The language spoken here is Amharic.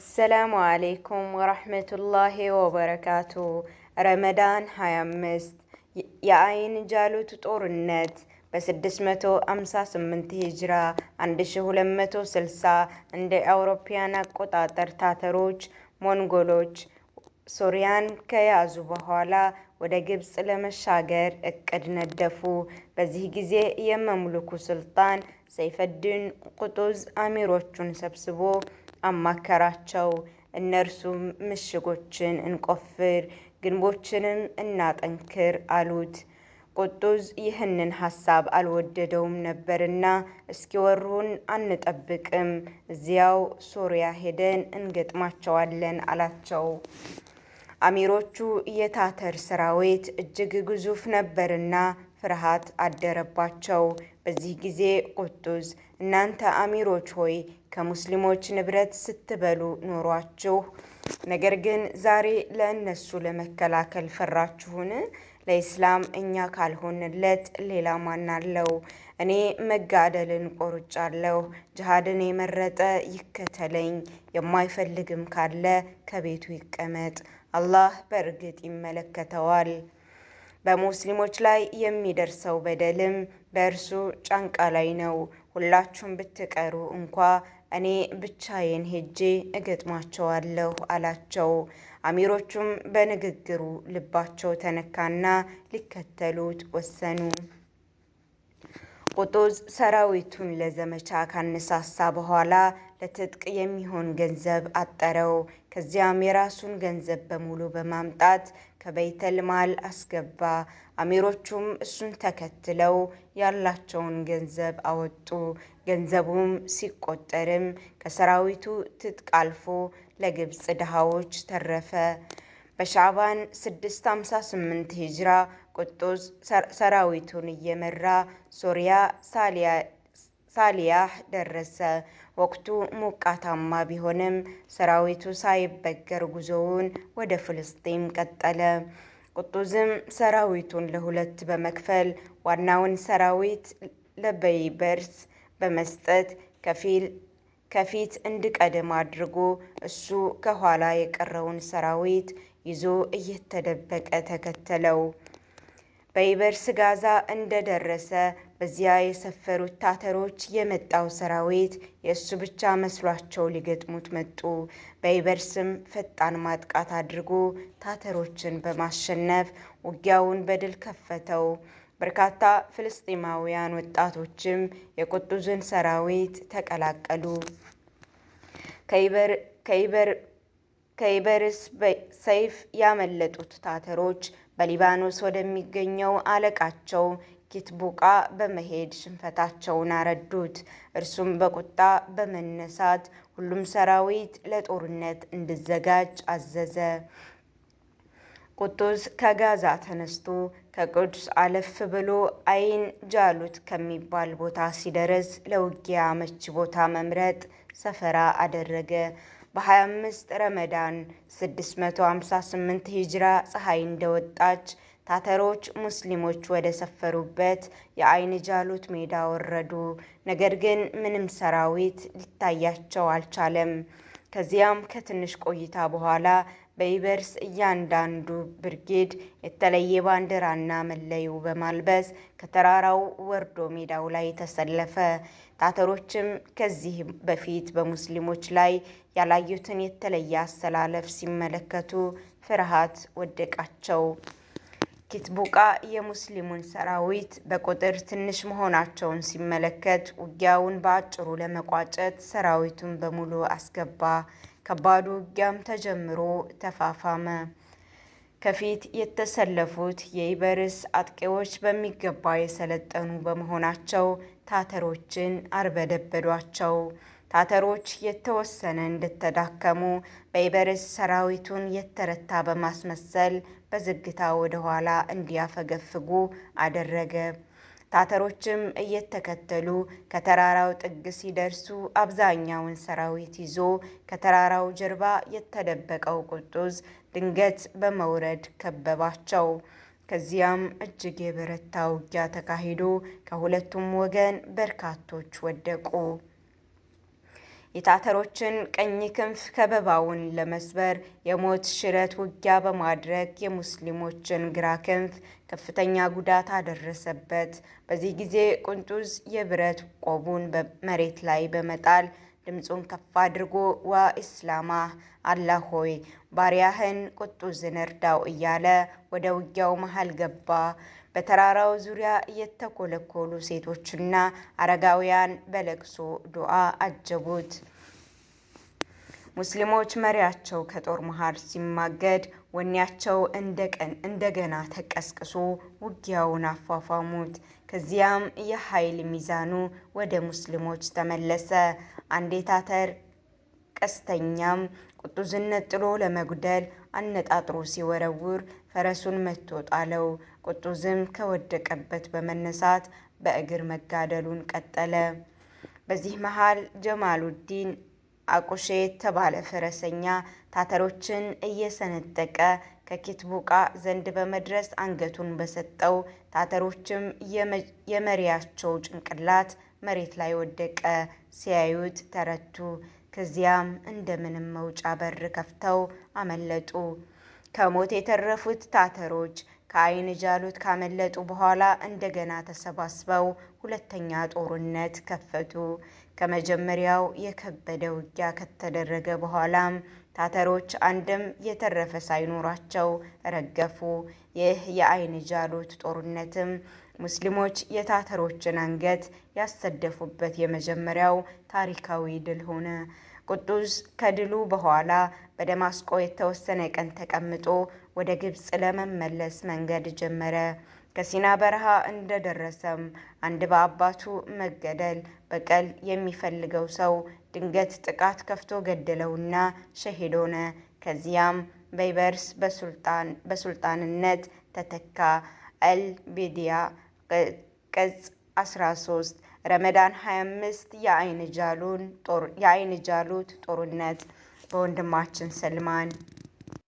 አሰላሙ አሌይኩም ወረሕመቱላሂ ወበረካቱ። ረመዳን 25 የአይን ጃሉት ጦርነት በ658 ሂጅራ 1260 እንደ አውሮፓያን አቆጣጠር ታተሮች፣ ሞንጎሎች ሶሪያን ከያዙ በኋላ ወደ ግብጽ ለመሻገር እቅድ ነደፉ። በዚህ ጊዜ የመምልኩ ሱልጣን ሰይፈዲን ቁጡዝ አሚሮቹን ሰብስቦ አማከራቸው። እነርሱም ምሽጎችን እንቆፍር፣ ግንቦችንም እናጠንክር አሉት። ቁጡዝ ይህንን ሀሳብ አልወደደውም ነበርና እስኪወሩን አንጠብቅም፣ እዚያው ሶርያ ሄደን እንገጥማቸዋለን አላቸው። አሚሮቹ የታተር ሰራዊት እጅግ ግዙፍ ነበርና ፍርሃት አደረባቸው። በዚህ ጊዜ ቁጡዝ እናንተ አሚሮች ሆይ ከሙስሊሞች ንብረት ስትበሉ ኖሯችሁ፣ ነገር ግን ዛሬ ለእነሱ ለመከላከል ፈራችሁን? ለኢስላም እኛ ካልሆንለት ሌላ ማናለው? አለው? እኔ መጋደልን ቆርጫለሁ። ጅሃድን የመረጠ ይከተለኝ፣ የማይፈልግም ካለ ከቤቱ ይቀመጥ። አላህ በእርግጥ ይመለከተዋል። በሙስሊሞች ላይ የሚደርሰው በደልም በእርሱ ጫንቃ ላይ ነው። ሁላችሁም ብትቀሩ እንኳ እኔ ብቻዬን ሄጄ እገጥማቸዋለሁ አላቸው። አሚሮቹም በንግግሩ ልባቸው ተነካና ሊከተሉት ወሰኑ። ቁጡዝ ሰራዊቱን ለዘመቻ ካነሳሳ በኋላ ለትጥቅ የሚሆን ገንዘብ አጠረው። ከዚያም የራሱን ገንዘብ በሙሉ በማምጣት ከበይተልማል አስገባ። አሚሮቹም እሱን ተከትለው ያላቸውን ገንዘብ አወጡ። ገንዘቡም ሲቆጠርም ከሰራዊቱ ትጥቅ አልፎ ለግብፅ ድሃዎች ተረፈ። በሻዕባን 658 ሂጅራ ቁጡዝ ሰራዊቱን እየመራ ሶሪያ ሳሊያህ ደረሰ። ወቅቱ ሞቃታማ ቢሆንም ሰራዊቱ ሳይበገር ጉዞውን ወደ ፍልስጤም ቀጠለ። ቁጡዝም ሰራዊቱን ለሁለት በመክፈል ዋናውን ሰራዊት ለበይበርስ በመስጠት ከፊል ከፊት እንድቀድም አድርጎ እሱ ከኋላ የቀረውን ሰራዊት ይዞ እየተደበቀ ተከተለው። በይበርስ ጋዛ እንደደረሰ በዚያ የሰፈሩት ታተሮች የመጣው ሰራዊት የእሱ ብቻ መስሏቸው ሊገጥሙት መጡ። በይበርስም ፈጣን ማጥቃት አድርጎ ታተሮችን በማሸነፍ ውጊያውን በድል ከፈተው። በርካታ ፍልስጤማውያን ወጣቶችም የቁጡዝን ሰራዊት ተቀላቀሉ። ከይበርስ ሰይፍ ያመለጡት ታተሮች በሊባኖስ ወደሚገኘው አለቃቸው ኪትቡቃ በመሄድ ሽንፈታቸውን አረዱት። እርሱም በቁጣ በመነሳት ሁሉም ሰራዊት ለጦርነት እንዲዘጋጅ አዘዘ። ቁጡዝ ከጋዛ ተነስቶ ከቅዱስ አለፍ ብሎ አይን ጃሉት ከሚባል ቦታ ሲደርስ ለውጊያ መች ቦታ መምረጥ ሰፈራ አደረገ። በ25 ረመዳን 658 ሂጅራ ፀሐይ እንደወጣች ታተሮች ሙስሊሞች ወደ ሰፈሩበት የአይን ጃሉት ሜዳ ወረዱ። ነገር ግን ምንም ሰራዊት ሊታያቸው አልቻለም። ከዚያም ከትንሽ ቆይታ በኋላ በኢበርስ እያንዳንዱ ብርጌድ የተለየ ባንዲራና መለዩ በማልበስ ከተራራው ወርዶ ሜዳው ላይ ተሰለፈ። ታተሮችም ከዚህ በፊት በሙስሊሞች ላይ ያላዩትን የተለየ አሰላለፍ ሲመለከቱ ፍርሃት ወደቃቸው። ኪትቡቃ የሙስሊሙን ሰራዊት በቁጥር ትንሽ መሆናቸውን ሲመለከት ውጊያውን በአጭሩ ለመቋጨት ሰራዊቱን በሙሉ አስገባ። ከባድ ውጊያም ተጀምሮ ተፋፋመ። ከፊት የተሰለፉት የኢበርስ አጥቂዎች በሚገባ የሰለጠኑ በመሆናቸው ታተሮችን አርበደበዷቸው። ታተሮች የተወሰነ እንደተዳከሙ በኢበርስ ሰራዊቱን የተረታ በማስመሰል በዝግታ ወደ ኋላ እንዲያፈገፍጉ አደረገ። ታተሮችም እየተከተሉ ከተራራው ጥግ ሲደርሱ አብዛኛውን ሰራዊት ይዞ ከተራራው ጀርባ የተደበቀው ቁጡዝ ድንገት በመውረድ ከበባቸው። ከዚያም እጅግ የበረታ ውጊያ ተካሂዶ ከሁለቱም ወገን በርካቶች ወደቁ። የታተሮችን ቀኝ ክንፍ ከበባውን ለመስበር የሞት ሽረት ውጊያ በማድረግ የሙስሊሞችን ግራ ክንፍ ከፍተኛ ጉዳት አደረሰበት። በዚህ ጊዜ ቁንጡዝ የብረት ቆቡን መሬት ላይ በመጣል ድምፁን ከፍ አድርጎ ዋ ኢስላማ አላህ ሆይ ባሪያህን ቁጡዝን እርዳው እያለ ወደ ውጊያው መሃል ገባ። በተራራው ዙሪያ የተኮለኮሉ ሴቶችና አረጋውያን በለቅሶ ዱዓ አጀቡት። ሙስሊሞች መሪያቸው ከጦር መሃር ሲማገድ ወኔያቸው እንደገና ተቀስቅሶ ውጊያውን አፏፏሙት። ከዚያም የኃይል ሚዛኑ ወደ ሙስሊሞች ተመለሰ። አንዴታተር ቀስተኛም ቁጡዝነት ጥሎ ለመጉደል አነጣጥሮ ሲወረውር ፈረሱን መቶ ጣለው። ቁጡዝም ከወደቀበት በመነሳት በእግር መጋደሉን ቀጠለ። በዚህ መሃል ጀማሉዲን አቁሼ የተባለ ፈረሰኛ ታተሮችን እየሰነጠቀ ከኬትቡቃ ዘንድ በመድረስ አንገቱን በሰጠው። ታተሮችም የመሪያቸው ጭንቅላት መሬት ላይ ወደቀ፣ ሲያዩት ተረቱ። ከዚያም እንደምንም መውጫ በር ከፍተው አመለጡ። ከሞት የተረፉት ታተሮች ከአይን ጃሉት ካመለጡ በኋላ እንደገና ተሰባስበው ሁለተኛ ጦርነት ከፈቱ። ከመጀመሪያው የከበደ ውጊያ ከተደረገ በኋላም ታተሮች አንድም የተረፈ ሳይኖራቸው ረገፉ። ይህ የአይን ጃሉት ጦርነትም ሙስሊሞች የታተሮችን አንገት ያሰደፉበት የመጀመሪያው ታሪካዊ ድል ሆነ። ቁጡዝ ከድሉ በኋላ በደማስቆ የተወሰነ ቀን ተቀምጦ ወደ ግብፅ ለመመለስ መንገድ ጀመረ። ከሲና በረሃ እንደደረሰም አንድ በአባቱ መገደል በቀል የሚፈልገው ሰው ድንገት ጥቃት ከፍቶ ገደለውና ሸሂድ ሆነ። ከዚያም በይበርስ በሱልጣንነት ተተካ። አል ቤዲያ ቅጽ 13 ረመዳን 25 የአይን ጃሉት ጦርነት በወንድማችን ሰልማን